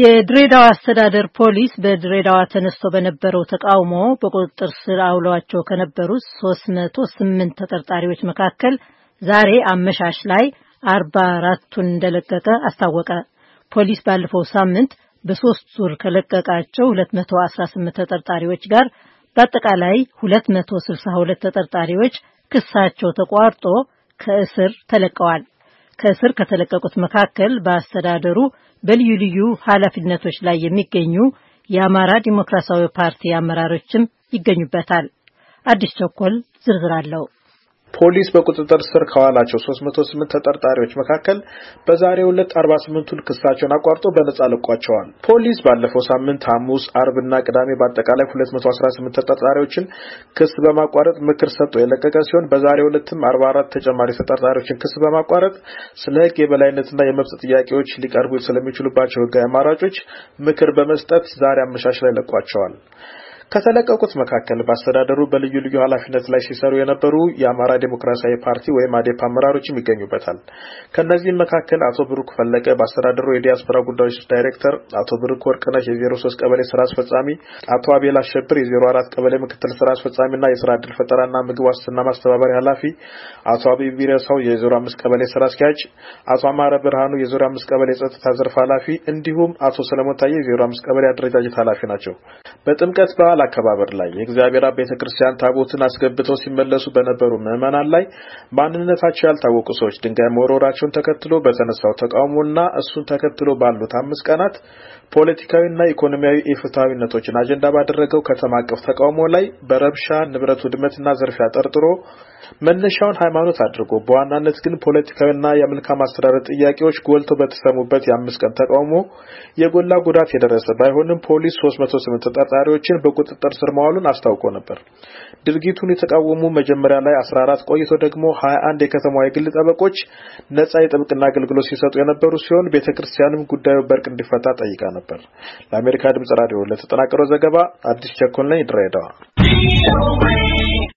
የድሬዳዋ አስተዳደር ፖሊስ በድሬዳዋ ተነስቶ በነበረው ተቃውሞ በቁጥጥር ስር አውሏቸው ከነበሩት 308 ተጠርጣሪዎች መካከል ዛሬ አመሻሽ ላይ 44ቱን እንደለቀቀ አስታወቀ። ፖሊስ ባለፈው ሳምንት በሶስት ዙር ከለቀቃቸው 218 ተጠርጣሪዎች ጋር በአጠቃላይ 262 ተጠርጣሪዎች ክሳቸው ተቋርጦ ከእስር ተለቀዋል። ከእስር ከተለቀቁት መካከል በአስተዳደሩ በልዩ ልዩ ኃላፊነቶች ላይ የሚገኙ የአማራ ዲሞክራሲያዊ ፓርቲ አመራሮችም ይገኙበታል። አዲስ ቸኮል ዝርዝር አለው። ፖሊስ በቁጥጥር ስር ከዋላቸው 308 ተጠርጣሪዎች መካከል በዛሬው ዕለት 48ቱን ክሳቸውን አቋርጦ በነጻ ለቋቸዋል። ፖሊስ ባለፈው ሳምንት ሐሙስ፣ አርብና ቅዳሜ በአጠቃላይ 218 ተጠርጣሪዎችን ክስ በማቋረጥ ምክር ሰጥቶ የለቀቀ ሲሆን በዛሬው ዕለትም 44 ተጨማሪ ተጠርጣሪዎችን ክስ በማቋረጥ ስለ ሕግ የበላይነትና የመብት ጥያቄዎች ሊቀርቡ ስለሚችሉባቸው ሕጋዊ አማራጮች ምክር በመስጠት ዛሬ አመሻሽ ላይ ለቋቸዋል። ከተለቀቁት መካከል በአስተዳደሩ በልዩ ልዩ ኃላፊነት ላይ ሲሰሩ የነበሩ የአማራ ዴሞክራሲያዊ ፓርቲ ወይም አዴፓ አመራሮችም ይገኙበታል። ከእነዚህም መካከል አቶ ብሩክ ፈለቀ በአስተዳደሩ የዲያስፖራ ጉዳዮች ዳይሬክተር፣ አቶ ብሩክ ወርቅነሽ የዜሮ ሶስት ቀበሌ ስራ አስፈጻሚ፣ አቶ አቤል አሸብር የዜሮ አራት ቀበሌ ምክትል ስራ አስፈጻሚና የስራ እድል ፈጠራና ምግብ ዋስትና ማስተባበሪያ ኃላፊ፣ አቶ አብይ ቢረሳው የዜሮ አምስት ቀበሌ ስራ አስኪያጅ፣ አቶ አማረ ብርሃኑ የዜሮ አምስት ቀበሌ ጸጥታ ዘርፍ ኃላፊ እንዲሁም አቶ ሰለሞን ታዬ የዜሮ አምስት ቀበሌ አደረጃጀት ኃላፊ ናቸው። በጥምቀት በዓል በዓል አከባበር ላይ የእግዚአብሔር አብ ቤተ ክርስቲያን ታቦትን አስገብተው ሲመለሱ በነበሩ ምዕመናን ላይ ማንነታቸው ያልታወቁ ሰዎች ድንጋይ መወረወራቸውን ተከትሎ በተነሳው ተቃውሞና እሱን ተከትሎ ባሉት አምስት ቀናት ፖለቲካዊና ኢኮኖሚያዊ ኢፍትሐዊነቶችን አጀንዳ ባደረገው ከተማ አቀፍ ተቃውሞ ላይ በረብሻ ንብረት ውድመትና ዘርፊያ ጠርጥሮ መነሻውን ሃይማኖት አድርጎ በዋናነት ግን ፖለቲካዊና የመልካም አስተዳደር ጥያቄዎች ጎልተው በተሰሙበት የአምስት ቀን ተቃውሞ የጎላ ጉዳት የደረሰ ባይሆንም ፖሊስ 308 ተጠርጣሪዎችን በቁጥር በቁጥጥር ስር መዋሉን አስታውቆ ነበር። ድርጊቱን የተቃወሙ መጀመሪያ ላይ 14 ቆይቶ ደግሞ 21 የከተማዋ የግል ጠበቆች ነጻ የጥብቅና አገልግሎት ሲሰጡ የነበሩ ሲሆን ቤተክርስቲያንም ጉዳዩ በርቅ እንዲፈታ ጠይቃ ነበር። ለአሜሪካ ድምጽ ራዲዮ ለተጠናቀረው ዘገባ አዲስ ቸኮል ነኝ ድሬዳዋ።